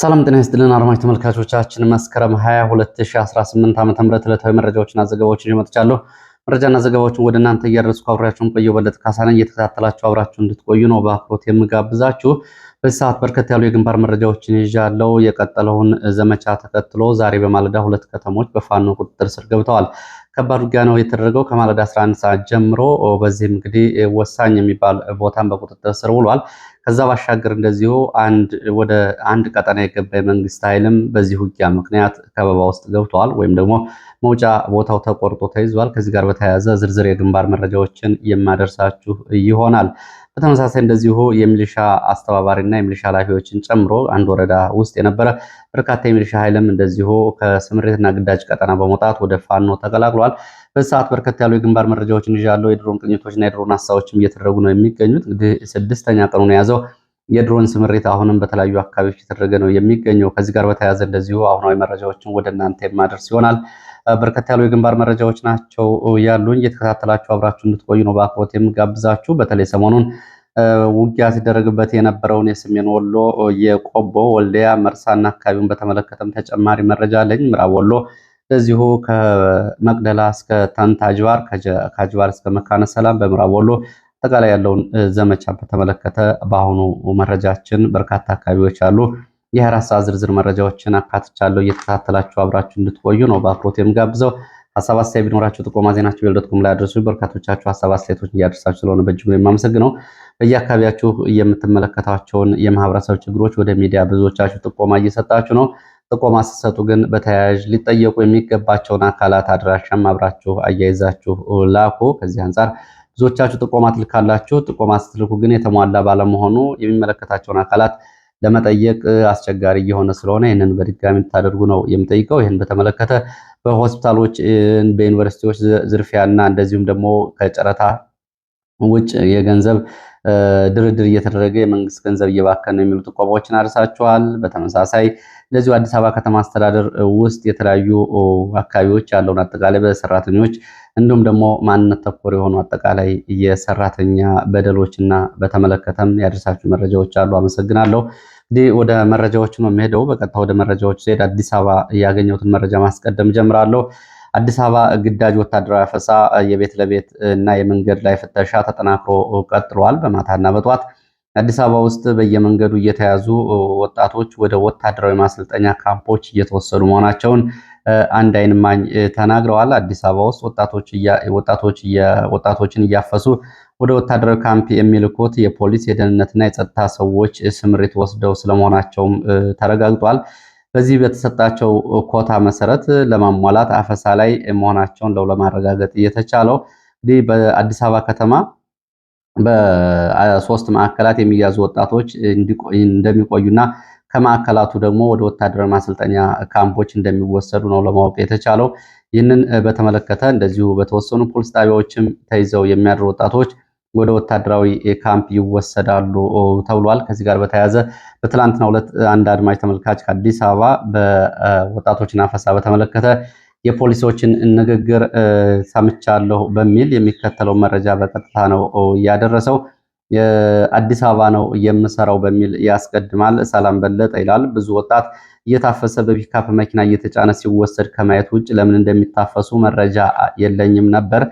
ሰላም ጤና ይስጥልን አድማጭ ተመልካቾቻችን፣ መስከረም 22 2018 ዓ.ም ተምረት ዕለታዊ መረጃዎችና ዘገባዎችን ይዤ መረጃና ዘገባዎችን ወደ እናንተ እያደረስኩ አብራችሁን ቆዩ። በለጠ ካሳ ነኝ። እየተከታተላችሁ አብራችሁ እንድትቆዩ ነው በአክብሮት የምጋብዛችሁ። በዚህ ሰዓት በርከት ያሉ የግንባር መረጃዎችን ይዣለሁ። የቀጠለውን ዘመቻ ተከትሎ ዛሬ በማለዳ ሁለት ከተሞች በፋኖ ቁጥጥር ስር ገብተዋል። ከባድ ውጊያ ነው የተደረገው ከማለዳ 11 ሰዓት ጀምሮ። በዚህም እንግዲህ ወሳኝ የሚባል ቦታን በቁጥጥር ስር ውሏል። ከዛ ባሻገር እንደዚሁ አንድ ወደ አንድ ቀጠና የገባ የመንግስት ኃይልም በዚህ ውጊያ ምክንያት ከበባ ውስጥ ገብቷል ወይም ደግሞ መውጫ ቦታው ተቆርጦ ተይዟል። ከዚህ ጋር በተያያዘ ዝርዝር የግንባር መረጃዎችን የማደርሳችሁ ይሆናል። በተመሳሳይ እንደዚሁ የሚሊሻ አስተባባሪና የሚሊሻ ኃላፊዎችን ጨምሮ አንድ ወረዳ ውስጥ የነበረ በርካታ የሚሊሻ ኃይልም እንደዚሁ ከስምሪትና ግዳጅ ቀጠና በመውጣት ወደ ፋኖ ተቀላቅሏል። በዚህ ሰዓት በርከት ያሉ የግንባር መረጃዎችን ይዣለሁ። የድሮን ቅኝቶች እና የድሮን አሳዎችም እየተደረጉ ነው የሚገኙት። እንግዲህ ስድስተኛ ቀኑን የያዘው የድሮን ስምሪት አሁንም በተለያዩ አካባቢዎች እየተደረገ ነው የሚገኘው። ከዚህ ጋር በተያያዘ እንደዚሁ አሁናዊ መረጃዎችን ወደ እናንተ የማደርስ ይሆናል። በርከት ያሉ የግንባር መረጃዎች ናቸው ያሉኝ። እየተከታተላችሁ አብራችሁ እንድትቆዩ ነው በአክብሮት የምጋብዛችሁ። በተለይ ሰሞኑን ውጊያ ሲደረግበት የነበረውን የሰሜን ወሎ የቆቦ ወልዲያ፣ መርሳና አካባቢውን በተመለከተም ተጨማሪ መረጃ አለኝ። ምዕራብ ወሎ እንደዚሁ ከመቅደላ እስከ ተንታ አጅባር ከአጅባር እስከ መካነ ሰላም በምዕራብ ወሎ አጠቃላይ ያለውን ዘመቻ በተመለከተ በአሁኑ መረጃችን በርካታ አካባቢዎች አሉ። የአራት ሰዓት ዝርዝር መረጃዎችን አካትቻለሁ። እየተከታተላችሁ አብራችሁ እንድትቆዩ ነው በአክብሮት የምጋብዘው። ሀሳብ አስተያየት ቢኖራችሁ ጥቆማ ዜናችሁ ጂሜል ላይ አድርሱ። በርካቶቻችሁ ሀሳብ አስተያየቶች እያደረሳችሁ ስለሆነ በእጅጉ የማመሰግነው። በየአካባቢያችሁ የምትመለከታቸውን የማህበረሰብ ችግሮች ወደ ሚዲያ ብዙዎቻችሁ ጥቆማ እየሰጣችሁ ነው። ጥቆማ ስትሰጡ ግን በተያያዥ ሊጠየቁ የሚገባቸውን አካላት አድራሻም አብራችሁ አያይዛችሁ ላኩ። ከዚህ አንጻር ብዙዎቻችሁ ጥቆማ ትልካላችሁ። ጥቆማ ስትልኩ ግን የተሟላ ባለመሆኑ የሚመለከታቸውን አካላት ለመጠየቅ አስቸጋሪ እየሆነ ስለሆነ ይህንን በድጋሚ እንድታደርጉ ነው የምጠይቀው። ይህን በተመለከተ በሆስፒታሎች፣ በዩኒቨርሲቲዎች ዝርፊያና እንደዚሁም ደግሞ ከጨረታ ውጭ የገንዘብ ድርድር እየተደረገ የመንግስት ገንዘብ እየባከነ የሚሉ ጥቆማዎችን አድርሳችኋል። በተመሳሳይ እንደዚሁ አዲስ አበባ ከተማ አስተዳደር ውስጥ የተለያዩ አካባቢዎች ያለውን አጠቃላይ በሰራተኞች እንዲሁም ደግሞ ማንነት ተኮር የሆኑ አጠቃላይ የሰራተኛ በደሎችና በተመለከተም ያደረሳችሁ መረጃዎች አሉ። አመሰግናለሁ። እንግዲህ ወደ መረጃዎች ነው የሚሄደው። በቀጥታ ወደ መረጃዎች ሲሄድ አዲስ አበባ ያገኘሁትን መረጃ ማስቀደም ጀምራለሁ። አዲስ አበባ ግዳጅ ወታደራዊ አፈሳ፣ የቤት ለቤት እና የመንገድ ላይ ፍተሻ ተጠናክሮ ቀጥሏል። በማታና በጠዋት አዲስ አበባ ውስጥ በየመንገዱ እየተያዙ ወጣቶች ወደ ወታደራዊ ማሰልጠኛ ካምፖች እየተወሰዱ መሆናቸውን አንድ አይን ማኝ ተናግረዋል። አዲስ አበባ ውስጥ ወጣቶችን እያፈሱ ወደ ወታደራዊ ካምፕ የሚልኩት የፖሊስ የደህንነትና የጸጥታ ሰዎች ስምሪት ወስደው ስለመሆናቸውም ተረጋግጧል። በዚህ በተሰጣቸው ኮታ መሰረት ለማሟላት አፈሳ ላይ መሆናቸውን ለው ለማረጋገጥ እየተቻለው እንግዲህ በአዲስ አበባ ከተማ በሶስት ማዕከላት የሚያዙ ወጣቶች እንደሚቆዩና ከማዕከላቱ ደግሞ ወደ ወታደራዊ ማሰልጠኛ ካምፖች እንደሚወሰዱ ነው ለማወቅ የተቻለው። ይህንን በተመለከተ እንደዚሁ በተወሰኑ ፖሊስ ጣቢያዎችም ተይዘው የሚያድሩ ወጣቶች ወደ ወታደራዊ ካምፕ ይወሰዳሉ ተብሏል። ከዚህ ጋር በተያያዘ በትላንትና ሁለት አንድ አድማጭ ተመልካች ከአዲስ አበባ በወጣቶችን አፈሳ በተመለከተ የፖሊሶችን ንግግር ሰምቻለሁ በሚል የሚከተለው መረጃ በቀጥታ ነው ያደረሰው። አዲስ አበባ ነው የምሰራው በሚል ያስቀድማል። ሰላም በለጠ ይላል። ብዙ ወጣት እየታፈሰ በፒካፕ መኪና እየተጫነ ሲወሰድ ከማየት ውጭ ለምን እንደሚታፈሱ መረጃ የለኝም ነበር።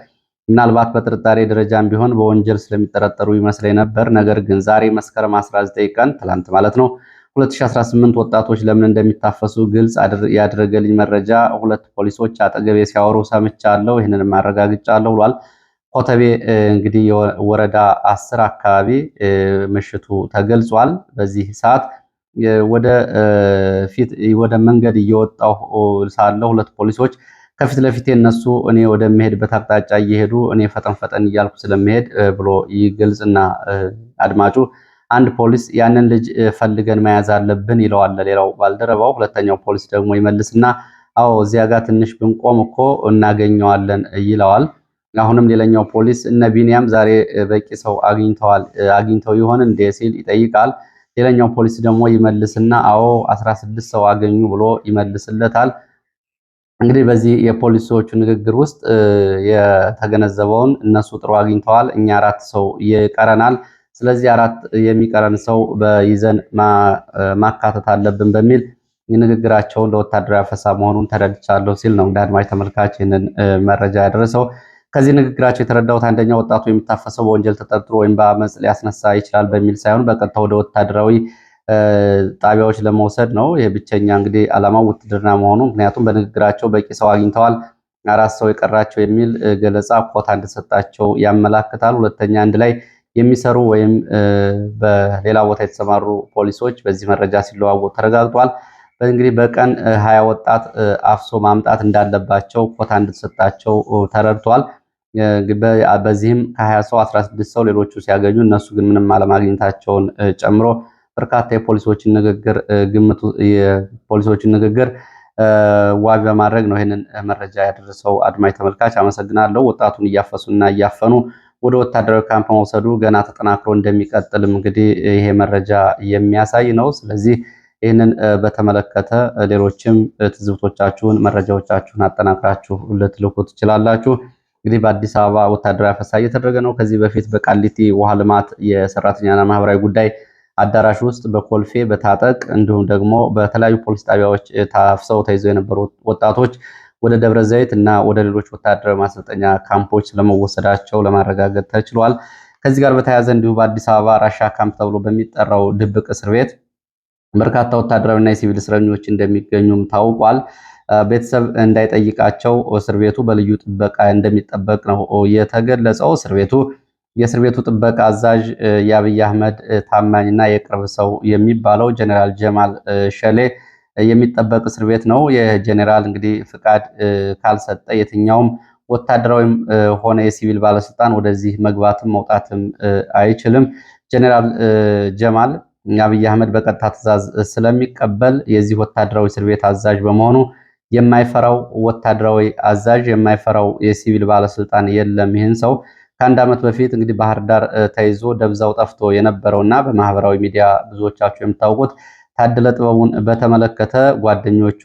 ምናልባት በጥርጣሬ ደረጃም ቢሆን በወንጀል ስለሚጠረጠሩ ይመስለኝ ነበር። ነገር ግን ዛሬ መስከረም 19 ቀን ትላንት ማለት ነው 2018 ወጣቶች ለምን እንደሚታፈሱ ግልጽ ያደረገልኝ መረጃ ሁለት ፖሊሶች አጠገቤ ሲያወሩ ሰምቻለሁ፣ ይህንንም አረጋግጫለሁ ብሏል። ኮተቤ እንግዲህ ወረዳ አስር አካባቢ ምሽቱ ተገልጿል። በዚህ ሰዓት ወደ ፊት ወደ መንገድ እየወጣሁ ሳለ ሁለት ፖሊሶች ከፊት ለፊቴ እነሱ እኔ ወደሚሄድበት አቅጣጫ እየሄዱ እኔ ፈጠን ፈጠን እያልኩ ስለሚሄድ ብሎ ይገልጽና አድማጩ አንድ ፖሊስ ያንን ልጅ ፈልገን መያዝ አለብን ይለዋል ለሌላው ባልደረባው። ሁለተኛው ፖሊስ ደግሞ ይመልስና አዎ እዚያ ጋር ትንሽ ብንቆም እኮ እናገኘዋለን ይለዋል። አሁንም ሌላኛው ፖሊስ እነ ቢንያም ዛሬ በቂ ሰው አግኝተዋል አግኝተው ይሆን እንዴ ሲል ይጠይቃል። ሌላኛው ፖሊስ ደግሞ ይመልስና አዎ 16 ሰው አገኙ ብሎ ይመልስለታል። እንግዲህ በዚህ የፖሊሶቹ ንግግር ውስጥ የተገነዘበውን እነሱ ጥሩ አግኝተዋል፣ እኛ አራት ሰው ይቀረናል ስለዚህ አራት የሚቀረን ሰው በይዘን ማካተት አለብን በሚል ንግግራቸውን ለወታደራዊ አፈሳ መሆኑን ተረድቻለሁ ሲል ነው እንግዲህ አድማጭ ተመልካች ይህንን መረጃ ያደረሰው። ከዚህ ንግግራቸው የተረዳሁት አንደኛ ወጣቱ የሚታፈሰው በወንጀል ተጠርጥሮ ወይም በአመፅ ሊያስነሳ ይችላል በሚል ሳይሆን በቀጥታ ወደ ወታደራዊ ጣቢያዎች ለመውሰድ ነው። ይህ ብቸኛ እንግዲህ ዓላማው ውትድርና መሆኑ ምክንያቱም በንግግራቸው በቂ ሰው አግኝተዋል፣ አራት ሰው የቀራቸው የሚል ገለጻ ኮታ እንደሰጣቸው ያመላክታል። ሁለተኛ አንድ ላይ የሚሰሩ ወይም በሌላ ቦታ የተሰማሩ ፖሊሶች በዚህ መረጃ ሲለዋወጡ ተረጋግጧል። እንግዲህ በቀን ሀያ ወጣት አፍሶ ማምጣት እንዳለባቸው ኮታ እንድትሰጣቸው ተረድቷል። በዚህም ከሀያ ሰው አስራ ስድስት ሰው ሌሎቹ ሲያገኙ እነሱ ግን ምንም አለማግኘታቸውን ጨምሮ በርካታ የፖሊሶችን ንግግር ግምቱ የፖሊሶችን ንግግር ዋቢ በማድረግ ነው ይህንን መረጃ ያደረሰው አድማጭ ተመልካች አመሰግናለሁ። ወጣቱን እያፈሱና እያፈኑ ወደ ወታደራዊ ካምፕ መውሰዱ ገና ተጠናክሮ እንደሚቀጥልም እንግዲህ ይሄ መረጃ የሚያሳይ ነው። ስለዚህ ይህንን በተመለከተ ሌሎችም ትዝብቶቻችሁን፣ መረጃዎቻችሁን አጠናክራችሁ ልትልኩ ትችላላችሁ። እንግዲህ በአዲስ አበባ ወታደራዊ አፈሳ እየተደረገ ነው። ከዚህ በፊት በቃሊቲ ውሃ ልማት የሰራተኛና ማህበራዊ ጉዳይ አዳራሽ ውስጥ በኮልፌ በታጠቅ እንዲሁም ደግሞ በተለያዩ ፖሊስ ጣቢያዎች ታፍሰው ተይዘው የነበሩ ወጣቶች ወደ ደብረ ዘይት እና ወደ ሌሎች ወታደራዊ ማሰልጠኛ ካምፖች ለመወሰዳቸው ለማረጋገጥ ተችሏል። ከዚህ ጋር በተያያዘ እንዲሁ በአዲስ አበባ ራሻ ካምፕ ተብሎ በሚጠራው ድብቅ እስር ቤት በርካታ ወታደራዊና የሲቪል እስረኞች እንደሚገኙም ታውቋል። ቤተሰብ እንዳይጠይቃቸው እስር ቤቱ በልዩ ጥበቃ እንደሚጠበቅ ነው የተገለጸው። እስር ቤቱ የእስር ቤቱ ጥበቃ አዛዥ የአብይ አህመድ ታማኝና የቅርብ ሰው የሚባለው ጀኔራል ጀማል ሸሌ የሚጠበቅ እስር ቤት ነው። የጀኔራል እንግዲህ ፍቃድ ካልሰጠ የትኛውም ወታደራዊም ሆነ የሲቪል ባለስልጣን ወደዚህ መግባትም መውጣትም አይችልም። ጀኔራል ጀማል አብይ አህመድ በቀጥታ ትእዛዝ ስለሚቀበል የዚህ ወታደራዊ እስር ቤት አዛዥ በመሆኑ የማይፈራው ወታደራዊ አዛዥ የማይፈራው የሲቪል ባለስልጣን የለም። ይህን ሰው ከአንድ ዓመት በፊት እንግዲህ ባህር ዳር ተይዞ ደብዛው ጠፍቶ የነበረውና በማህበራዊ ሚዲያ ብዙዎቻችሁ የምታውቁት ታደለ ጥበቡን በተመለከተ ጓደኞቹ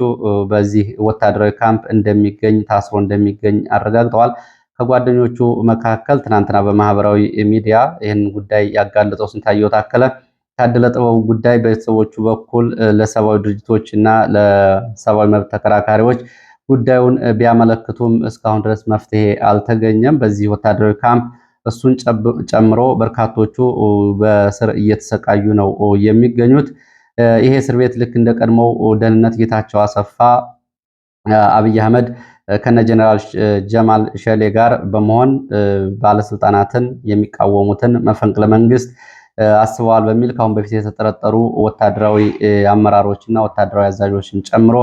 በዚህ ወታደራዊ ካምፕ እንደሚገኝ ታስሮ እንደሚገኝ አረጋግጠዋል። ከጓደኞቹ መካከል ትናንትና በማህበራዊ ሚዲያ ይህን ጉዳይ ያጋለጠው ስንታየው ታከለ ታደለ ጥበቡ ጉዳይ በቤተሰቦቹ በኩል ለሰብአዊ ድርጅቶች እና ለሰብአዊ መብት ተከራካሪዎች ጉዳዩን ቢያመለክቱም እስካሁን ድረስ መፍትሄ አልተገኘም። በዚህ ወታደራዊ ካምፕ እሱን ጨምሮ በርካቶቹ በስር እየተሰቃዩ ነው የሚገኙት። ይሄ እስር ቤት ልክ እንደ ቀድሞው ደህንነት ጌታቸው አሰፋ አብይ አህመድ ከነ ጀነራል ጀማል ሸሌ ጋር በመሆን ባለስልጣናትን የሚቃወሙትን መፈንቅለ መንግስት አስበዋል በሚል ከአሁን በፊት የተጠረጠሩ ወታደራዊ አመራሮችና ወታደራዊ አዛዦችን ጨምሮ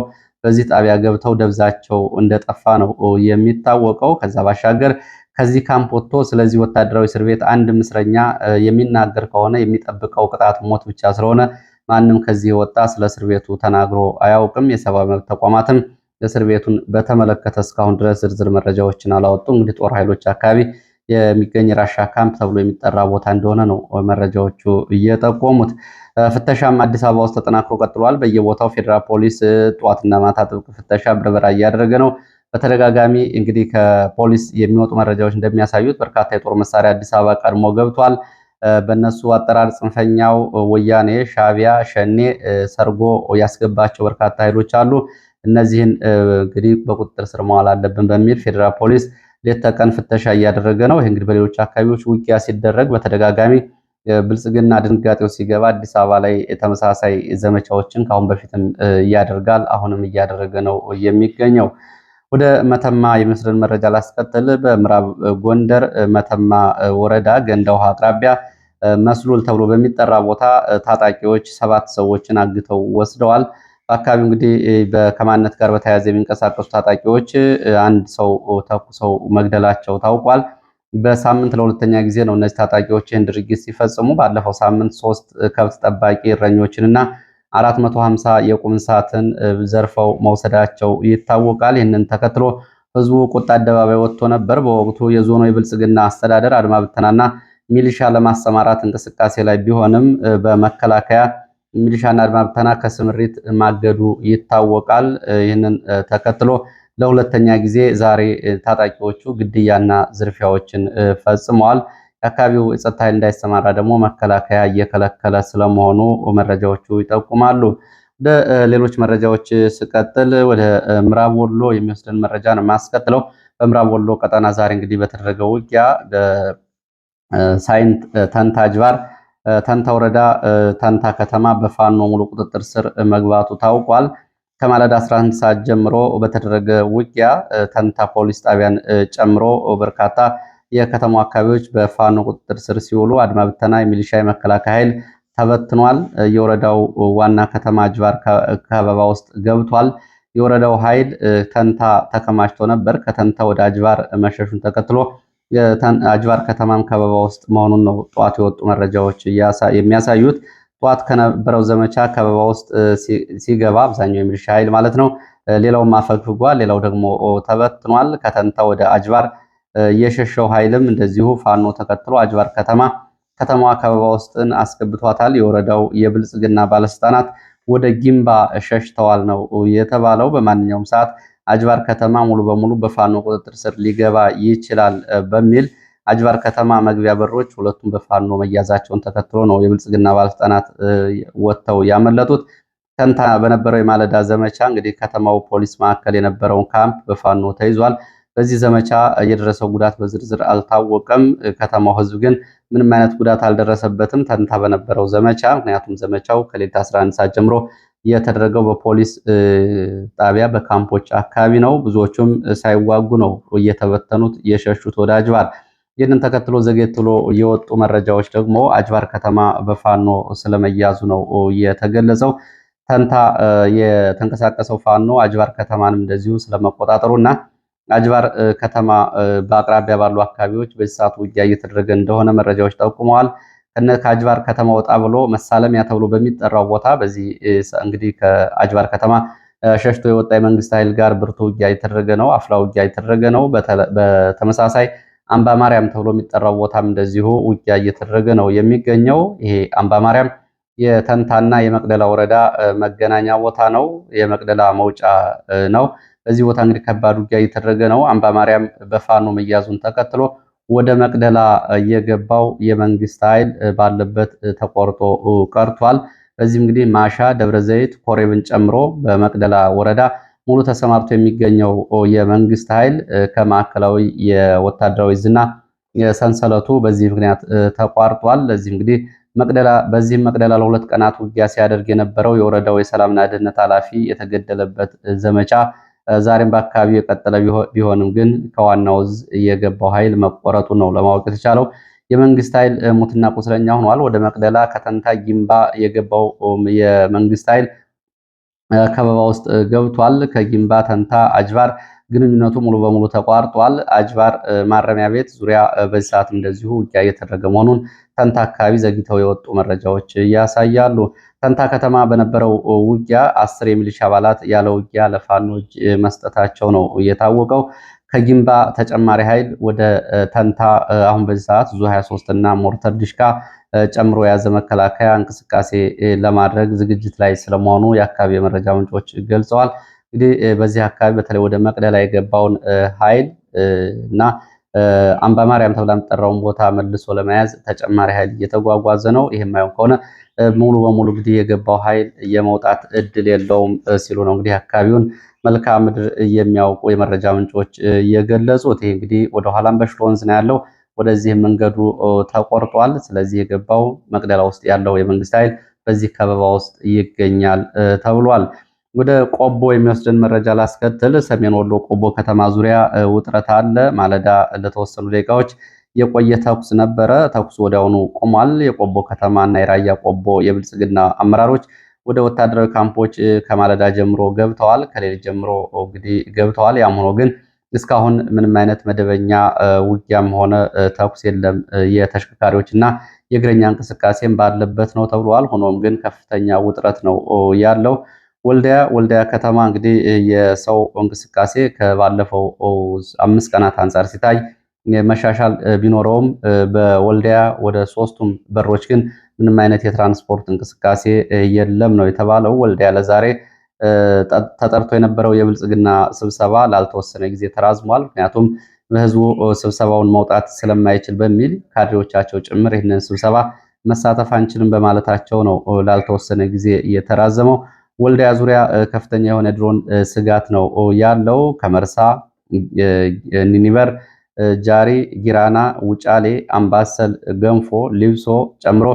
በዚህ ጣቢያ ገብተው ደብዛቸው እንደጠፋ ነው የሚታወቀው። ከዛ ባሻገር ከዚህ ካምፕ ወጥቶ ስለዚህ ወታደራዊ እስር ቤት አንድ ምስረኛ የሚናገር ከሆነ የሚጠብቀው ቅጣት ሞት ብቻ ስለሆነ ማንም ከዚህ የወጣ ስለ እስር ቤቱ ተናግሮ አያውቅም። የሰብአዊ መብት ተቋማትም እስር ቤቱን በተመለከተ እስካሁን ድረስ ዝርዝር መረጃዎችን አላወጡ። እንግዲህ ጦር ኃይሎች አካባቢ የሚገኝ ራሻ ካምፕ ተብሎ የሚጠራ ቦታ እንደሆነ ነው መረጃዎቹ እየጠቆሙት። ፍተሻም አዲስ አበባ ውስጥ ተጠናክሮ ቀጥሏል። በየቦታው ፌዴራል ፖሊስ ጠዋትና ማታ ጥብቅ ፍተሻ ብርበራ እያደረገ ነው። በተደጋጋሚ እንግዲህ ከፖሊስ የሚወጡ መረጃዎች እንደሚያሳዩት በርካታ የጦር መሳሪያ አዲስ አበባ ቀድሞ ገብቷል። በእነሱ አጠራር ጽንፈኛው ወያኔ፣ ሻቢያ፣ ሸኔ ሰርጎ ያስገባቸው በርካታ ኃይሎች አሉ። እነዚህን እንግዲህ በቁጥጥር ስር መዋል አለብን በሚል ፌዴራል ፖሊስ ሌት ተቀን ፍተሻ እያደረገ ነው። ይህ እንግዲህ በሌሎች አካባቢዎች ውጊያ ሲደረግ በተደጋጋሚ ብልጽግና ድንጋጤው ሲገባ አዲስ አበባ ላይ ተመሳሳይ ዘመቻዎችን ከአሁን በፊትም እያደርጋል አሁንም እያደረገ ነው የሚገኘው። ወደ መተማ የሚወስደን መረጃ ላስቀጥል። በምዕራብ ጎንደር መተማ ወረዳ ገንዳ ውሃ አቅራቢያ መስሉል ተብሎ በሚጠራ ቦታ ታጣቂዎች ሰባት ሰዎችን አግተው ወስደዋል። በአካባቢው እንግዲህ ከማንነት ጋር በተያያዘ የሚንቀሳቀሱ ታጣቂዎች አንድ ሰው ተኩሰው መግደላቸው ታውቋል። በሳምንት ለሁለተኛ ጊዜ ነው እነዚህ ታጣቂዎች ይህን ድርጊት ሲፈጽሙ። ባለፈው ሳምንት ሶስት ከብት ጠባቂ እረኞችንና አራት መቶ ሀምሳ የቁም እንስሳትን ዘርፈው መውሰዳቸው ይታወቃል። ይህንን ተከትሎ ህዝቡ ቁጣ አደባባይ ወጥቶ ነበር። በወቅቱ የዞኑ የብልጽግና አስተዳደር አድማ ብተናና ሚሊሻ ለማሰማራት እንቅስቃሴ ላይ ቢሆንም በመከላከያ ሚሊሻና አድማ ከስምሪት ማገዱ ይታወቃል። ይህንን ተከትሎ ለሁለተኛ ጊዜ ዛሬ ታጣቂዎቹ ግድያና ዝርፊያዎችን ፈጽመዋል። የአካባቢው የጸጥታ ኃይል እንዳይሰማራ ደግሞ መከላከያ እየከለከለ ስለመሆኑ መረጃዎቹ ይጠቁማሉ። ወደ ሌሎች መረጃዎች ስቀጥል ወደ ምዕራብ ወሎ የሚወስደን መረጃ ነው የማስቀጥለው። በምዕራብ ወሎ ቀጠና ዛሬ እንግዲህ በተደረገው ውጊያ ሳይን ተንታ ጅባር፣ ተንታ ወረዳ፣ ተንታ ከተማ በፋኖ ሙሉ ቁጥጥር ስር መግባቱ ታውቋል። ከማለዳ 11 ሰዓት ጀምሮ በተደረገ ውጊያ ተንታ ፖሊስ ጣቢያን ጨምሮ በርካታ የከተማው አካባቢዎች በፋኖ ቁጥጥር ስር ሲውሉ አድማ ብተና፣ የሚሊሻ፣ የመከላከያ ኃይል ተበትኗል። የወረዳው ዋና ከተማ ጅባር ከበባ ውስጥ ገብቷል። የወረዳው ኃይል ተንታ ተከማችቶ ነበር። ከተንታ ወደ አጅባር መሸሹን ተከትሎ አጅባር ከተማም ከበባ ውስጥ መሆኑን ነው ጠዋት የወጡ መረጃዎች የሚያሳዩት። ጠዋት ከነበረው ዘመቻ ከበባ ውስጥ ሲገባ አብዛኛው የሚልሻ ኃይል ማለት ነው። ሌላውም አፈግፍጓል፣ ሌላው ደግሞ ተበትኗል። ከተንታ ወደ አጅባር የሸሸው ኃይልም እንደዚሁ ፋኖ ተከትሎ አጅባር ከተማ ከተማዋ ከበባ ውስጥን አስገብቷታል። የወረዳው የብልጽግና ባለስልጣናት ወደ ጊምባ ሸሽተዋል ነው የተባለው። በማንኛውም ሰዓት አጅባር ከተማ ሙሉ በሙሉ በፋኖ ቁጥጥር ስር ሊገባ ይችላል በሚል አጅባር ከተማ መግቢያ በሮች ሁለቱም በፋኖ መያዛቸውን ተከትሎ ነው የብልጽግና ባለስልጣናት ወጥተው ያመለጡት። ከንታ በነበረው የማለዳ ዘመቻ እንግዲህ ከተማው ፖሊስ ማዕከል የነበረውን ካምፕ በፋኖ ተይዟል። በዚህ ዘመቻ የደረሰው ጉዳት በዝርዝር አልታወቀም። ከተማው ህዝብ ግን ምንም አይነት ጉዳት አልደረሰበትም። ተንታ በነበረው ዘመቻ ምክንያቱም ዘመቻው ከሌሊት 11 ሰዓት ጀምሮ የተደረገው በፖሊስ ጣቢያ በካምፖች አካባቢ ነው። ብዙዎቹም ሳይዋጉ ነው እየተበተኑት የሸሹት ወደ አጅባር። ይህንን ተከትሎ ዘግየት የወጡ መረጃዎች ደግሞ አጅባር ከተማ በፋኖ ስለመያዙ ነው የተገለጸው። ተንታ የተንቀሳቀሰው ፋኖ አጅባር ከተማንም እንደዚሁ እና አጅባር ከተማ በአቅራቢያ ባሉ አካባቢዎች በዚህ ሰዓት ውጊያ እየተደረገ እንደሆነ መረጃዎች ጠቁመዋል። ከአጅባር ከተማ ወጣ ብሎ መሳለሚያ ተብሎ በሚጠራው ቦታ በዚህ እንግዲህ ከአጅባር ከተማ ሸሽቶ የወጣ የመንግስት ኃይል ጋር ብርቱ ውጊያ እየተደረገ ነው። አፍላ ውጊያ እየተደረገ ነው። በተመሳሳይ አምባ ማርያም ተብሎ የሚጠራው ቦታም እንደዚሁ ውጊያ እየተደረገ ነው የሚገኘው። ይሄ አምባ ማርያም የተንታና የመቅደላ ወረዳ መገናኛ ቦታ ነው። የመቅደላ መውጫ ነው። በዚህ ቦታ እንግዲህ ከባድ ውጊያ እየተደረገ ነው። አምባ ማርያም በፋኖ መያዙን ተከትሎ ወደ መቅደላ የገባው የመንግስት ኃይል ባለበት ተቆርጦ ቀርቷል። በዚህም እንግዲህ ማሻ፣ ደብረ ዘይት፣ ኮሬብን ጨምሮ በመቅደላ ወረዳ ሙሉ ተሰማርቶ የሚገኘው የመንግስት ኃይል ከማዕከላዊ የወታደራዊ ዝና ሰንሰለቱ በዚህ ምክንያት ተቋርጧል። ለዚህ እንግዲህ መቅደላ በዚህም መቅደላ ለሁለት ቀናት ውጊያ ሲያደርግ የነበረው የወረዳው የሰላምና ደህንነት ኃላፊ የተገደለበት ዘመቻ ዛሬም በአካባቢ የቀጠለ ቢሆንም ግን ከዋናው እዝ የገባው ኃይል መቆረጡ ነው ለማወቅ የተቻለው። የመንግስት ኃይል ሙትና ቁስለኛ ሆኗል። ወደ መቅደላ ከተንታ ጊምባ የገባው የመንግስት ኃይል ከበባ ውስጥ ገብቷል። ከጊምባ ተንታ አጅባር ግንኙነቱ ሙሉ በሙሉ ተቋርጧል። አጅባር ማረሚያ ቤት ዙሪያ በዚህ ሰዓት እንደዚሁ ውጊያ እየተደረገ መሆኑን ተንታ አካባቢ ዘግተው የወጡ መረጃዎች ያሳያሉ። ተንታ ከተማ በነበረው ውጊያ አስር የሚሊሻ አባላት ያለ ውጊያ ለፋኖች መስጠታቸው ነው የታወቀው። ከጊምባ ተጨማሪ ኃይል ወደ ተንታ አሁን በዚህ ሰዓት ዙ 23 እና ሞርተር ድሽካ ጨምሮ የያዘ መከላከያ እንቅስቃሴ ለማድረግ ዝግጅት ላይ ስለመሆኑ የአካባቢ የመረጃ ምንጮች ገልጸዋል። እንግዲህ በዚህ አካባቢ በተለይ ወደ መቅደላ የገባውን ኃይል እና አምባ ማርያም ተብላ የምትጠራውን ቦታ መልሶ ለመያዝ ተጨማሪ ኃይል እየተጓጓዘ ነው። ይህም አይሆን ከሆነ ሙሉ በሙሉ እንግዲህ የገባው ኃይል የመውጣት እድል የለውም ሲሉ ነው እንግዲህ አካባቢውን መልክዓ ምድር የሚያውቁ የመረጃ ምንጮች የገለጹት። ይህ እንግዲህ ወደኋላም በሽሎ ወንዝ ነው ያለው፣ ወደዚህ መንገዱ ተቆርጧል። ስለዚህ የገባው መቅደላ ውስጥ ያለው የመንግስት ኃይል በዚህ ከበባ ውስጥ ይገኛል ተብሏል። ወደ ቆቦ የሚወስድን መረጃ ላስከትል። ሰሜን ወሎ ቆቦ ከተማ ዙሪያ ውጥረት አለ። ማለዳ ለተወሰኑ ደቂቃዎች የቆየ ተኩስ ነበረ። ተኩስ ወዲያውኑ ቆሟል። የቆቦ እና የራያ ቆቦ የብልጽግና አመራሮች ወደ ወታደራዊ ካምፖች ከማለዳ ጀምሮ ገብተዋል፣ ከሌሊት ጀምሮ እንግዲህ ገብተዋል። ያም ሆኖ ግን እስካሁን ምንም አይነት መደበኛ ውጊያም ሆነ ተኩስ የለም። የተሽከርካሪዎች እና የእግረኛ እንቅስቃሴም ባለበት ነው ተብሏል። ሆኖም ግን ከፍተኛ ውጥረት ነው ያለው። ወልዲያ ወልዲያ ከተማ እንግዲህ የሰው እንቅስቃሴ ከባለፈው አምስት ቀናት አንጻር ሲታይ መሻሻል ቢኖረውም በወልዲያ ወደ ሶስቱም በሮች ግን ምንም አይነት የትራንስፖርት እንቅስቃሴ የለም ነው የተባለው። ወልዲያ ለዛሬ ተጠርቶ የነበረው የብልጽግና ስብሰባ ላልተወሰነ ጊዜ ተራዝሟል። ምክንያቱም በህዝቡ ስብሰባውን መውጣት ስለማይችል በሚል ካድሬዎቻቸው ጭምር ይህንን ስብሰባ መሳተፍ አንችልም በማለታቸው ነው ላልተወሰነ ጊዜ የተራዘመው። ወልዲያ ዙሪያ ከፍተኛ የሆነ ድሮን ስጋት ነው ያለው። ከመርሳ ኒኒበር ጃሪ ጊራና፣ ውጫሌ፣ አምባሰል፣ ገንፎ፣ ሊብሶ ጨምሮ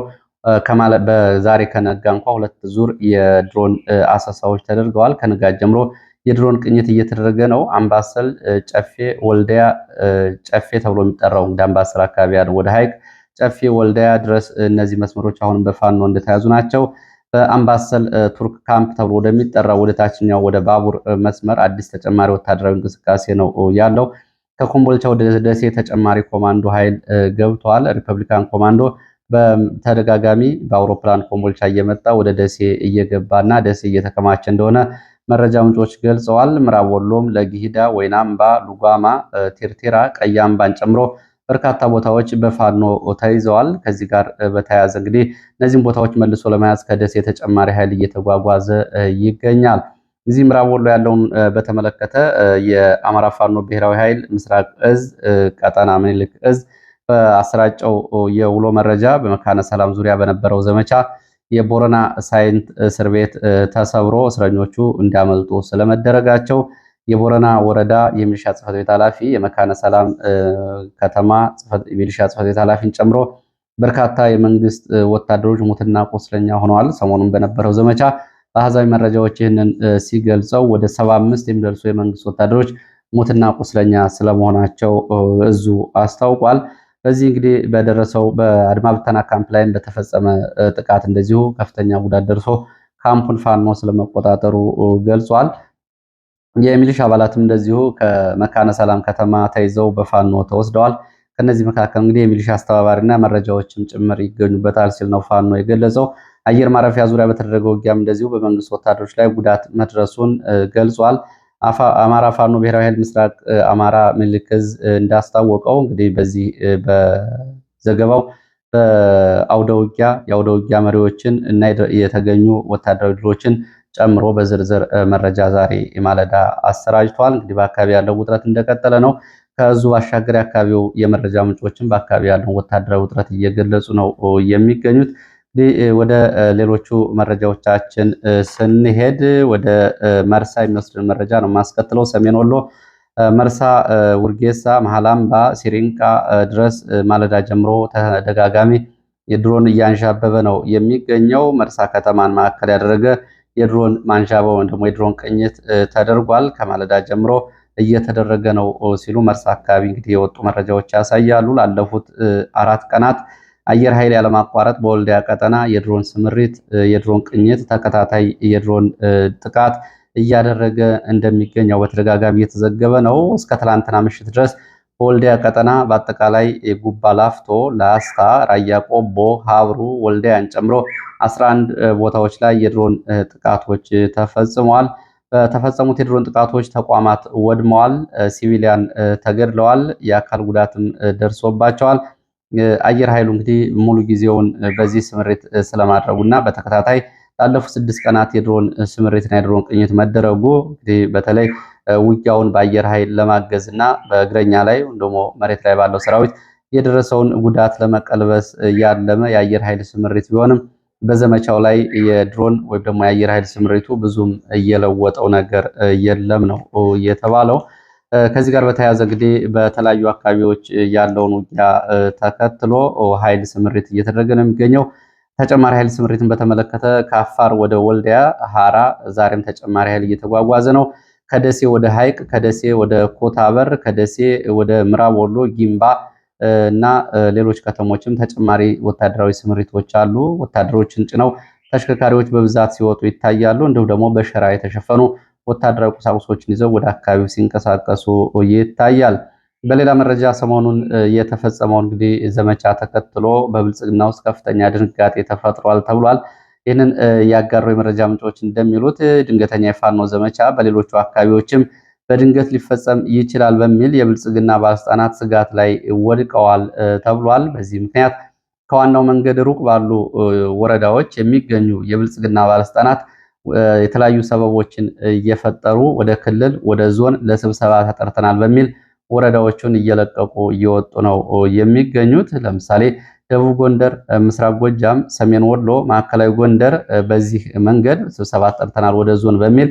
በዛሬ ከነጋ እንኳ ሁለት ዙር የድሮን አሰሳዎች ተደርገዋል። ከነጋ ጀምሮ የድሮን ቅኝት እየተደረገ ነው። አምባሰል፣ ጨፌ፣ ወልዲያ ጨፌ ተብሎ የሚጠራው እንግዲህ አምባሰል አካባቢ ያለው ወደ ሐይቅ ጨፌ ወልዳያ ድረስ እነዚህ መስመሮች አሁንም በፋኖ እንደተያዙ ናቸው። በአምባሰል ቱርክ ካምፕ ተብሎ ወደሚጠራው ወደ ታችኛው ወደ ባቡር መስመር አዲስ ተጨማሪ ወታደራዊ እንቅስቃሴ ነው ያለው። ከኮምቦልቻ ወደ ደሴ ተጨማሪ ኮማንዶ ኃይል ገብቷል። ሪፐብሊካን ኮማንዶ በተደጋጋሚ በአውሮፕላን ኮምቦልቻ እየመጣ ወደ ደሴ እየገባና ደሴ እየተከማቸ እንደሆነ መረጃ ምንጮች ገልጸዋል። ምዕራብ ወሎም ለጊሂዳ፣ ወይናምባ፣ ሉጓማ፣ ቴርቴራ፣ ቀያምባን ጨምሮ በርካታ ቦታዎች በፋኖ ተይዘዋል። ከዚህ ጋር በተያያዘ እንግዲህ እነዚህም ቦታዎች መልሶ ለመያዝ ከደሴ ተጨማሪ ኃይል እየተጓጓዘ ይገኛል። እዚህ ምዕራብ ወሎ ያለውን በተመለከተ የአማራ ፋኖ ብሔራዊ ኃይል ምስራቅ እዝ ቀጠና ምኒልክ እዝ በአሰራጨው የውሎ መረጃ በመካነ ሰላም ዙሪያ በነበረው ዘመቻ የቦረና ሳይንት እስር ቤት ተሰብሮ እስረኞቹ እንዲያመልጡ ስለመደረጋቸው የቦረና ወረዳ የሚሊሻ ጽፈት ቤት ኃላፊ የመካነ ሰላም ከተማ ሚሊሻ ጽፈት ቤት ኃላፊን ጨምሮ በርካታ የመንግስት ወታደሮች ሙትና ቁስለኛ ሆነዋል። ሰሞኑን በነበረው ዘመቻ አሃዛዊ መረጃዎች ይህንን ሲገልጸው ወደ ሰባ አምስት የሚደርሱ የመንግስት ወታደሮች ሞትና ቁስለኛ ስለመሆናቸው እዙ አስታውቋል። በዚህ እንግዲህ በደረሰው በአድማ ብተና ካምፕ ላይም በተፈጸመ ጥቃት እንደዚሁ ከፍተኛ ጉዳት ደርሶ ካምፑን ፋኖ ስለመቆጣጠሩ ገልጿል። የሚሊሻ አባላትም እንደዚሁ ከመካነ ሰላም ከተማ ተይዘው በፋኖ ተወስደዋል። ከነዚህ መካከል እንግዲህ የሚሊሻ አስተባባሪና መረጃዎችም ጭምር ይገኙበታል ሲል ነው ፋኖ የገለጸው። አየር ማረፊያ ዙሪያ በተደረገ ውጊያም እንደዚሁ በመንግስት ወታደሮች ላይ ጉዳት መድረሱን ገልጿል። አማራ ፋኖ ብሔራዊ ኃይል ምስራቅ አማራ ምልክዝ እንዳስታወቀው እንግዲህ በዚህ በዘገባው በአውደ ውጊያ የአውደ ውጊያ መሪዎችን እና የተገኙ ወታደራዊ ድሎችን ጨምሮ በዝርዝር መረጃ ዛሬ ማለዳ አሰራጅቷል። እንግዲህ በአካባቢ ያለው ውጥረት እንደቀጠለ ነው። ከዙ ባሻገር የአካባቢው የመረጃ ምንጮችን በአካባቢ ያለውን ወታደራዊ ውጥረት እየገለጹ ነው የሚገኙት። ወደ ሌሎቹ መረጃዎቻችን ስንሄድ ወደ መርሳ የሚወስድን መረጃ ነው የማስከትለው። ሰሜን ወሎ መርሳ፣ ውርጌሳ፣ መሃላምባ፣ ሲሪንቃ ድረስ ማለዳ ጀምሮ ተደጋጋሚ የድሮን እያንዣበበ ነው የሚገኘው። መርሳ ከተማን ማዕከል ያደረገ የድሮን ማንዣበ ወይም ደግሞ የድሮን ቅኝት ተደርጓል። ከማለዳ ጀምሮ እየተደረገ ነው ሲሉ መርሳ አካባቢ እንግዲህ የወጡ መረጃዎች ያሳያሉ። ላለፉት አራት ቀናት አየር ኃይል ያለማቋረጥ በወልዲያ ቀጠና የድሮን ስምሪት፣ የድሮን ቅኝት፣ ተከታታይ የድሮን ጥቃት እያደረገ እንደሚገኝ ያው በተደጋጋሚ እየተዘገበ ነው። እስከ ትላንትና ምሽት ድረስ በወልዲያ ቀጠና በአጠቃላይ ጉባ ላፍቶ፣ ላስታ፣ ራያ ቆቦ፣ ሀብሩ፣ ወልዲያን ጨምሮ 11 ቦታዎች ላይ የድሮን ጥቃቶች ተፈጽመዋል። በተፈጸሙት የድሮን ጥቃቶች ተቋማት ወድመዋል፣ ሲቪሊያን ተገድለዋል፣ የአካል ጉዳትም ደርሶባቸዋል። አየር ኃይሉ እንግዲህ ሙሉ ጊዜውን በዚህ ስምሪት ስለማድረጉና በተከታታይ ላለፉት ስድስት ቀናት የድሮን ስምሪትና የድሮን ቅኝት መደረጉ እንግዲህ በተለይ ውጊያውን በአየር ኃይል ለማገዝ እና በእግረኛ ላይ ደግሞ መሬት ላይ ባለው ሰራዊት የደረሰውን ጉዳት ለመቀልበስ ያለመ የአየር ኃይል ስምሪት ቢሆንም በዘመቻው ላይ የድሮን ወይም ደግሞ የአየር ኃይል ስምሪቱ ብዙም እየለወጠው ነገር የለም ነው የተባለው። ከዚህ ጋር በተያያዘ እንግዲህ በተለያዩ አካባቢዎች ያለውን ውጊያ ተከትሎ ኃይል ስምሪት እየተደረገ ነው የሚገኘው። ተጨማሪ ኃይል ስምሪትን በተመለከተ ከአፋር ወደ ወልዲያ ሀራ ዛሬም ተጨማሪ ኃይል እየተጓጓዘ ነው። ከደሴ ወደ ሀይቅ፣ ከደሴ ወደ ኮታበር፣ ከደሴ ወደ ምዕራብ ወሎ ጊምባ እና ሌሎች ከተሞችም ተጨማሪ ወታደራዊ ስምሪቶች አሉ። ወታደሮችን ጭነው ተሽከርካሪዎች በብዛት ሲወጡ ይታያሉ። እንዲሁም ደግሞ በሸራ የተሸፈኑ ወታደራዊ ቁሳቁሶችን ይዘው ወደ አካባቢው ሲንቀሳቀሱ ይታያል። በሌላ መረጃ ሰሞኑን የተፈጸመው እንግዲህ ዘመቻ ተከትሎ በብልጽግና ውስጥ ከፍተኛ ድንጋጤ ተፈጥሯል ተብሏል። ይህንን ያጋሩ የመረጃ ምንጮች እንደሚሉት ድንገተኛ የፋኖ ዘመቻ በሌሎቹ አካባቢዎችም በድንገት ሊፈጸም ይችላል በሚል የብልጽግና ባለስልጣናት ስጋት ላይ ወድቀዋል ተብሏል። በዚህ ምክንያት ከዋናው መንገድ ሩቅ ባሉ ወረዳዎች የሚገኙ የብልጽግና ባለስልጣናት የተለያዩ ሰበቦችን እየፈጠሩ ወደ ክልል ወደ ዞን ለስብሰባ ተጠርተናል በሚል ወረዳዎቹን እየለቀቁ እየወጡ ነው የሚገኙት። ለምሳሌ ደቡብ ጎንደር፣ ምስራቅ ጎጃም፣ ሰሜን ወሎ፣ ማዕከላዊ ጎንደር በዚህ መንገድ ስብሰባ ተጠርተናል ወደ ዞን በሚል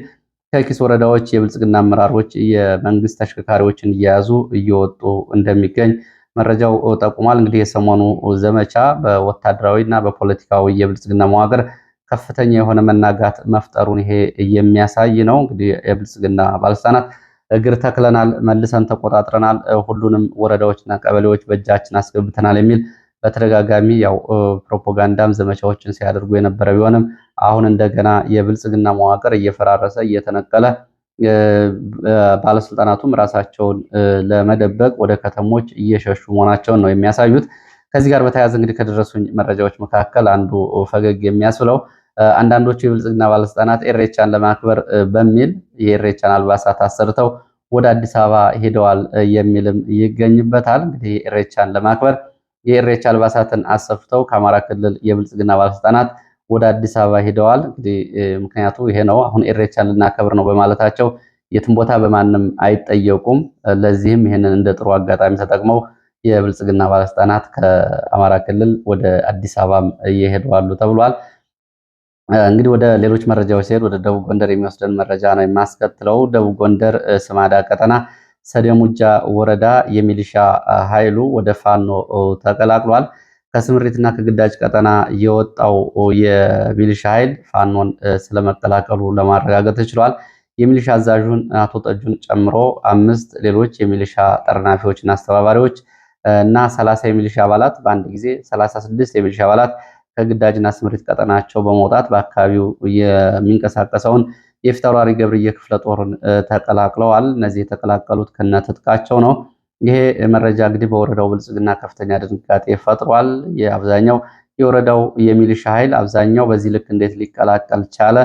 ከኪስ ወረዳዎች የብልጽግና አመራሮች የመንግስት ተሽከርካሪዎችን እየያዙ እየወጡ እንደሚገኝ መረጃው ጠቁሟል። እንግዲህ የሰሞኑ ዘመቻ በወታደራዊ እና በፖለቲካዊ የብልጽግና መዋቅር ከፍተኛ የሆነ መናጋት መፍጠሩን ይሄ የሚያሳይ ነው። እንግዲህ የብልጽግና ባለስልጣናት እግር ተክለናል፣ መልሰን ተቆጣጥረናል፣ ሁሉንም ወረዳዎችና ቀበሌዎች በእጃችን አስገብተናል የሚል በተደጋጋሚ ያው ፕሮፓጋንዳም ዘመቻዎችን ሲያደርጉ የነበረ ቢሆንም አሁን እንደገና የብልጽግና መዋቅር እየፈራረሰ እየተነቀለ ባለስልጣናቱም ራሳቸውን ለመደበቅ ወደ ከተሞች እየሸሹ መሆናቸውን ነው የሚያሳዩት። ከዚህ ጋር በተያያዘ እንግዲህ ከደረሱኝ መረጃዎች መካከል አንዱ ፈገግ የሚያስብለው አንዳንዶቹ የብልጽግና ባለስልጣናት ኤሬቻን ለማክበር በሚል የኤሬቻን አልባሳት አሰርተው ወደ አዲስ አበባ ሄደዋል የሚልም ይገኝበታል። እንግዲህ ኤሬቻን ለማክበር የኤሬቻ አልባሳትን አሰፍተው ከአማራ ክልል የብልጽግና ባለስልጣናት ወደ አዲስ አበባ ሄደዋል። እንግዲህ ምክንያቱ ይሄ ነው። አሁን ኤሬቻን ልናከብር ነው በማለታቸው የትም ቦታ በማንም አይጠየቁም። ለዚህም ይህንን እንደ ጥሩ አጋጣሚ ተጠቅመው የብልጽግና ባለስልጣናት ከአማራ ክልል ወደ አዲስ አበባም እየሄደዋሉ ተብሏል። እንግዲህ ወደ ሌሎች መረጃዎች ሲሄድ ወደ ደቡብ ጎንደር የሚወስደን መረጃ ነው የማስከትለው። ደቡብ ጎንደር ስማዳ ቀጠና ሰደሙጃ ወረዳ የሚሊሻ ኃይሉ ወደ ፋኖ ተቀላቅሏል። ከስምሪትና ከግዳጅ ቀጠና የወጣው የሚሊሻ ኃይል ፋኖን ስለመቀላቀሉ ለማረጋገጥ ተችሏል። የሚሊሻ አዛዡን አቶ ጠጁን ጨምሮ አምስት ሌሎች የሚሊሻ ጠርናፊዎችና አስተባባሪዎች እና ሰላሳ የሚሊሻ አባላት በአንድ ጊዜ ሰላሳ ስድስት የሚሊሻ አባላት ከግዳጅና ስምሪት ቀጠናቸው በመውጣት በአካባቢው የሚንቀሳቀሰውን የፊት ገብርዬ ክፍለ ጦርን ተቀላቅለዋል። እነዚህ የተቀላቀሉት ትጥቃቸው ነው። ይሄ መረጃ እንግዲህ በወረዳው ብልጽግና ከፍተኛ ድንጋጤ ፈጥሯል። የአብዛኛው የወረዳው የሚሊሻ ኃይል አብዛኛው በዚህ ልክ እንዴት ሊቀላቀል ቻለ?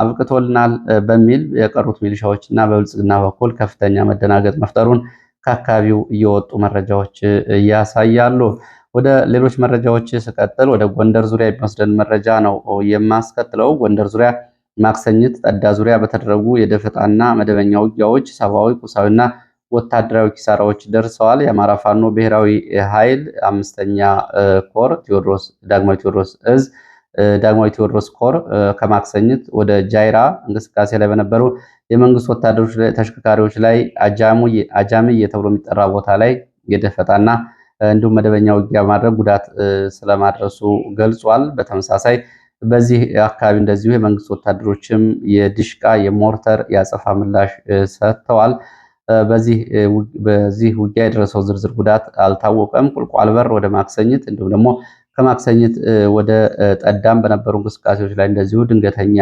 አብቅቶልናል በሚል የቀሩት ሚሊሻዎች እና በብልጽግና በኩል ከፍተኛ መደናገጥ መፍጠሩን ከአካባቢው እየወጡ መረጃዎች ያሳያሉ። ወደ ሌሎች መረጃዎች ስቀጥል ወደ ጎንደር ዙሪያ የሚወስደን መረጃ ነው የማስቀጥለው። ጎንደር ዙሪያ ማክሰኝት፣ ጠዳ ዙሪያ በተደረጉ የደፈጣና መደበኛ ውጊያዎች ሰብአዊ፣ ቁሳዊና ወታደራዊ ኪሳራዎች ደርሰዋል። የአማራ ፋኖ ብሔራዊ ኃይል አምስተኛ ኮር ቴዎድሮስ ዳግማዊ ቴዎድሮስ እዝ ዳግማዊ ቴዎድሮስ ኮር ከማክሰኝት ወደ ጃይራ እንቅስቃሴ ላይ በነበሩ የመንግስት ወታደሮች ተሽከርካሪዎች ላይ አጃምዬ ተብሎ የሚጠራ ቦታ ላይ የደፈጣና እንዲሁም መደበኛ ውጊያ ማድረግ ጉዳት ስለማድረሱ ገልጿል። በተመሳሳይ በዚህ አካባቢ እንደዚሁ የመንግስት ወታደሮችም የድሽቃ የሞርተር የአጸፋ ምላሽ ሰጥተዋል። በዚህ ውጊያ የደረሰው ዝርዝር ጉዳት አልታወቀም። ቁልቋል በር ወደ ማክሰኝት እንዲሁም ደግሞ ከማክሰኝት ወደ ጠዳም በነበሩ እንቅስቃሴዎች ላይ እንደዚሁ ድንገተኛ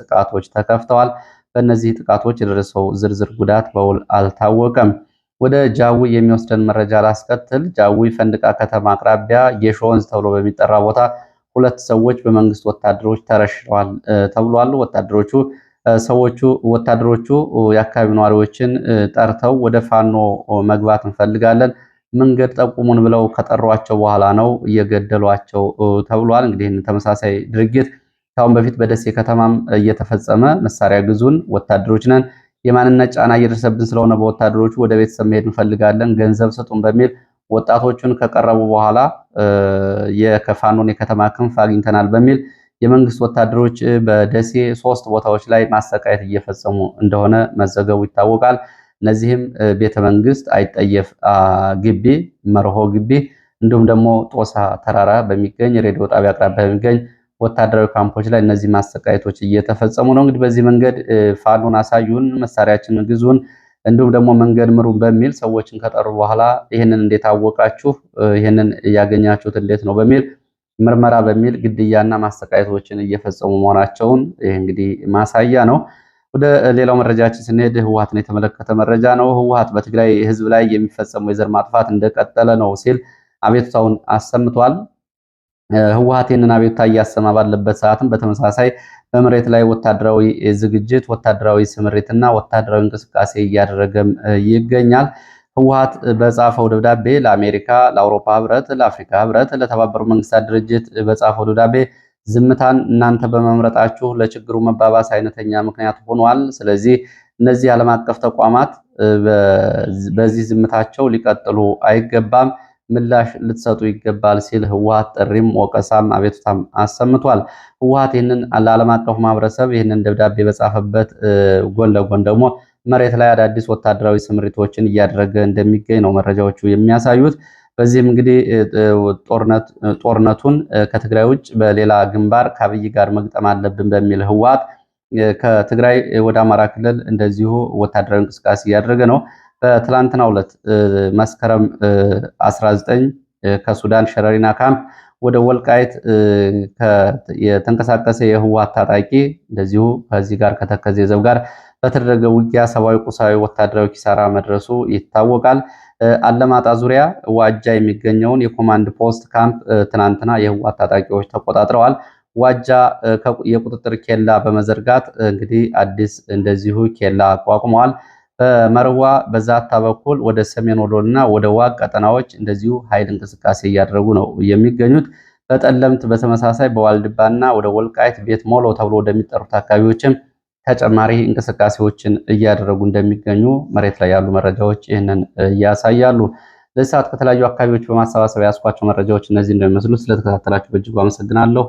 ጥቃቶች ተከፍተዋል። በእነዚህ ጥቃቶች የደረሰው ዝርዝር ጉዳት በውል አልታወቀም። ወደ ጃዊ የሚወስደን መረጃ ላስከትል። ጃዊ ፈንድቃ ከተማ አቅራቢያ ጌሾ ወንዝ ተብሎ በሚጠራ ቦታ ሁለት ሰዎች በመንግስት ወታደሮች ተረሽረዋል ተብሏል። ወታደሮቹ ሰዎቹ ወታደሮቹ የአካባቢ ነዋሪዎችን ጠርተው ወደ ፋኖ መግባት እንፈልጋለን መንገድ ጠቁሙን ብለው ከጠሯቸው በኋላ ነው እየገደሏቸው ተብሏል። እንግዲህ ተመሳሳይ ድርጊት ካሁን በፊት በደሴ ከተማም እየተፈጸመ መሳሪያ ግዙን ወታደሮች ነን የማንነት ጫና እየደረሰብን ስለሆነ በወታደሮቹ ወደ ቤተሰብ መሄድ እንፈልጋለን፣ ገንዘብ ስጡን በሚል ወጣቶቹን ከቀረቡ በኋላ የከፋኖን የከተማ ክንፍ አግኝተናል በሚል የመንግስት ወታደሮች በደሴ ሶስት ቦታዎች ላይ ማሰቃየት እየፈጸሙ እንደሆነ መዘገቡ ይታወቃል። እነዚህም ቤተ መንግስት፣ አይጠየፍ ግቢ፣ መርሆ ግቢ እንዲሁም ደግሞ ጦሳ ተራራ በሚገኝ ሬዲዮ ጣቢያ አቅራቢያ በሚገኝ ወታደራዊ ካምፖች ላይ እነዚህ ማሰቃየቶች እየተፈጸሙ ነው። እንግዲህ በዚህ መንገድ ፋኖን አሳዩን፣ መሳሪያችንን ግዙን፣ እንዲሁም ደግሞ መንገድ ምሩን በሚል ሰዎችን ከጠሩ በኋላ ይህንን እንዴት አወቃችሁ፣ ይህንን ያገኛችሁት እንዴት ነው በሚል ምርመራ በሚል ግድያና ማሰቃየቶችን እየፈጸሙ መሆናቸውን ይህ እንግዲህ ማሳያ ነው። ወደ ሌላው መረጃችን ስንሄድ ህወሓትን የተመለከተ መረጃ ነው። ህወሀት በትግራይ ህዝብ ላይ የሚፈጸሙ የዘር ማጥፋት እንደቀጠለ ነው ሲል አቤቱታውን አሰምቷል። ህወሓት ይህንን አቤቱታ እያሰማ ባለበት ሰዓትም በተመሳሳይ በመሬት ላይ ወታደራዊ ዝግጅት፣ ወታደራዊ ስምሪትና ወታደራዊ እንቅስቃሴ እያደረገም ይገኛል። ህወሀት በጻፈው ደብዳቤ ለአሜሪካ፣ ለአውሮፓ ህብረት፣ ለአፍሪካ ህብረት፣ ለተባበሩ መንግስታት ድርጅት በጻፈው ደብዳቤ ዝምታን እናንተ በመምረጣችሁ ለችግሩ መባባስ አይነተኛ ምክንያት ሆኗል። ስለዚህ እነዚህ ዓለም አቀፍ ተቋማት በዚህ ዝምታቸው ሊቀጥሉ አይገባም። ምላሽ ልትሰጡ ይገባል ሲል ህወሀት ጥሪም ወቀሳም አቤቱታም አሰምቷል። ህወሀት ይህንን ለዓለም አቀፉ ማህበረሰብ ይህንን ደብዳቤ በጻፈበት ጎን ለጎን ደግሞ መሬት ላይ አዳዲስ ወታደራዊ ስምሪቶችን እያደረገ እንደሚገኝ ነው መረጃዎቹ የሚያሳዩት። በዚህም እንግዲህ ጦርነቱን ከትግራይ ውጭ በሌላ ግንባር ከአብይ ጋር መግጠም አለብን በሚል ህወሀት ከትግራይ ወደ አማራ ክልል እንደዚሁ ወታደራዊ እንቅስቃሴ እያደረገ ነው። በትላንትና ዕለት መስከረም 19 ከሱዳን ሸረሪና ካምፕ ወደ ወልቃይት የተንቀሳቀሰ የህወሓት ታጣቂ እንደዚሁ ከዚህ ጋር ከተከዜ ዘብ ጋር በተደረገ ውጊያ ሰብአዊ፣ ቁሳዊ፣ ወታደራዊ ኪሳራ መድረሱ ይታወቃል። አለማጣ ዙሪያ ዋጃ የሚገኘውን የኮማንድ ፖስት ካምፕ ትናንትና የህወሓት ታጣቂዎች ተቆጣጥረዋል። ዋጃ የቁጥጥር ኬላ በመዘርጋት እንግዲህ አዲስ እንደዚሁ ኬላ አቋቁመዋል። በመርዋ በዛታ በኩል ወደ ሰሜን ወሎና ወደ ዋግ ቀጠናዎች እንደዚሁ ኃይል እንቅስቃሴ እያደረጉ ነው የሚገኙት። በጠለምት በተመሳሳይ በዋልድባና ወደ ወልቃይት ቤት ሞሎ ተብሎ ወደሚጠሩት አካባቢዎችም ተጨማሪ እንቅስቃሴዎችን እያደረጉ እንደሚገኙ መሬት ላይ ያሉ መረጃዎች ይህንን ያሳያሉ። ለሰዓት ከተለያዩ አካባቢዎች በማሰባሰብ ያስኳቸው መረጃዎች እነዚህ እንደሚመስሉ። ስለተከታተላችሁ በእጅጉ አመሰግናለሁ።